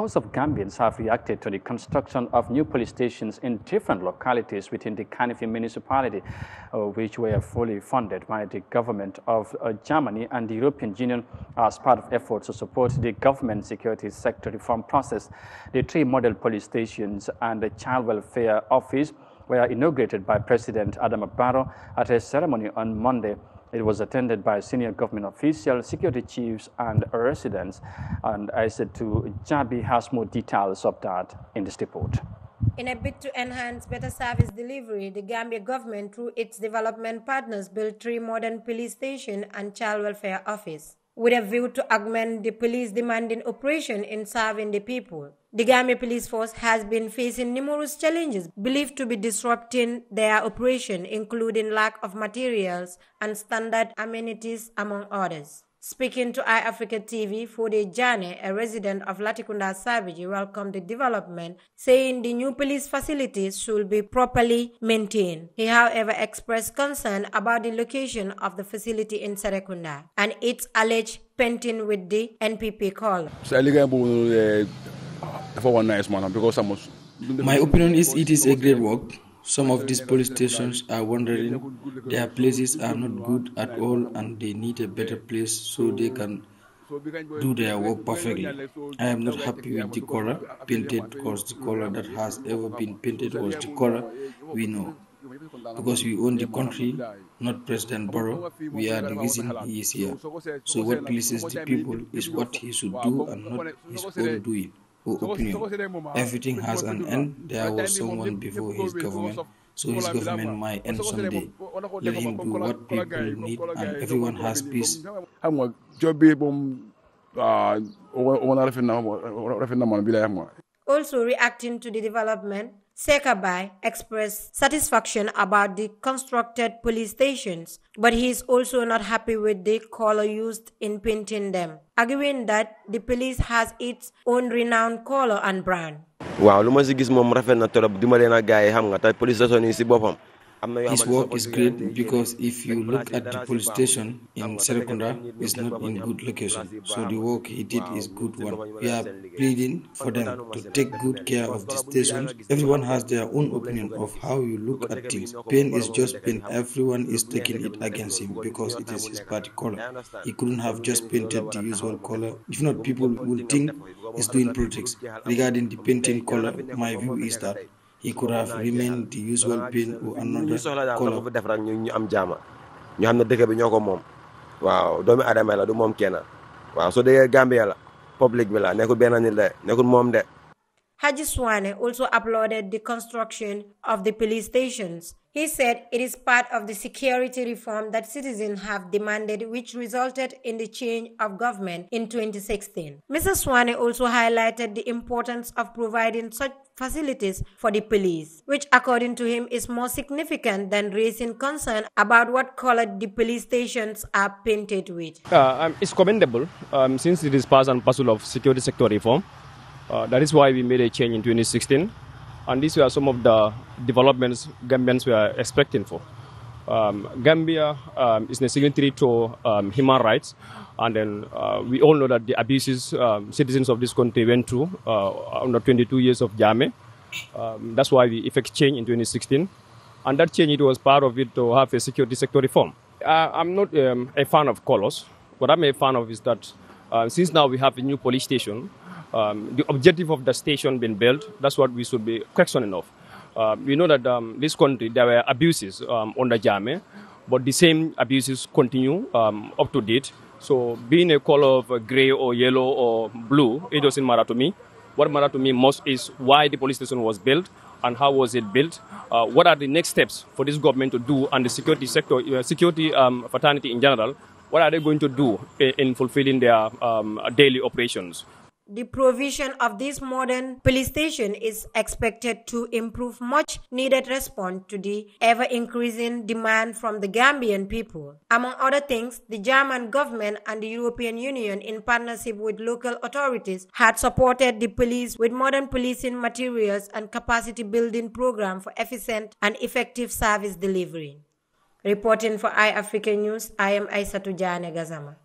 House of Gambians have reacted to the construction of new police stations in different localities within the Kanifi municipality, uh, which were fully funded by the government of uh, Germany and the European Union as part of efforts to support the government security sector reform process. The three model police stations and the child welfare office were inaugurated by President Adam Barrow at a ceremony on Monday it was attended by senior government officials, security chiefs, and residents. And I said to Jabi has more details of that in this report. In a bid to enhance better service delivery, the Gambia government, through its development partners, built three modern police stations and child welfare office with a view to augment the police demanding operation in serving the people. The Gambia Police Force has been facing numerous challenges believed to be disrupting their operation, including lack of materials and standard amenities, among others. Speaking to iAfrica TV, Fode Jane, a resident of Latikunda Savage, welcomed the development, saying the new police facilities should be properly maintained. He, however, expressed concern about the location of the facility in Serekunda and its alleged painting with the NPP call. Eh, My opinion is it is a great work some of these police stations are wandering, their places are not good at all, and they need a better place so they can do their work perfectly. I am not happy with the color painted because the color that has ever been painted was the color we know. Because we own the country, not President Barrow, we are the reason he is here. So, what pleases the people is what he should do and not his own doing opinion. Uh, Everything has an end. There was someone before his government, so his government might end someday. Let him do what people need, and everyone has peace. Uh, uh, also, reacting to the development, Sekabai expressed satisfaction about the constructed police stations, but he is also not happy with the color used in painting them, arguing that the police has its own renowned color and brand. na na nga police station si his work is great because if you look at the police station in Serekunda, it's not in good location. So the work he did is good one. We are pleading for them to take good care of the stations. Everyone has their own opinion of how you look at things. Pain is just pain. Everyone is taking it against him because it is his party color. He couldn't have just painted the usual color. If not, people will think he's doing politics. Regarding the painting color, my view is that he could have remained the usual pain or another color def rek ñu am jaama ñu xam na dëkk bi ñoo ko moom waaw doomi aadama la du moom kenn waaw soo déggee Gambia la public bi la nekkul benn nit de nekkul moom de Haji Swane also applauded the construction of the police stations. He said it is part of the security reform that citizens have demanded, which resulted in the change of government in 2016. Mr. Swane also highlighted the importance of providing such facilities for the police, which, according to him, is more significant than raising concern about what color the police stations are painted with. Uh, um, it's commendable um, since it is part and parcel of security sector reform. Uh, that is why we made a change in 2016. And these were some of the developments Gambians were expecting for. Um, Gambia um, is a signatory to um, human rights, and then uh, we all know that the abuses um, citizens of this country went through uh, under 22 years of Jame. Um, that's why we effect change in 2016, and that change it was part of it to have a security sector reform. I, am not um, a fan of colors. What I'm a fan of is that uh, since now we have a new police station, um, the objective of the station being built. That's what we should be questioning of. Uh, we know that um, this country there were abuses um, under Jame, but the same abuses continue um, up to date. So being a color of gray or yellow or blue, it doesn't matter to me. What matters to me most is why the police station was built and how was it built. Uh, what are the next steps for this government to do and the security sector, uh, security um, fraternity in general? What are they going to do in, uh, in fulfilling their um, daily operations? The provision of this modern police station is expected to improve much needed response to the ever increasing demand from the Gambian people. Among other things, the German government and the European Union, in partnership with local authorities, had supported the police with modern policing materials and capacity building program for efficient and effective service delivery. Reporting for iAfrica News, I am Isatu Jane Gazama.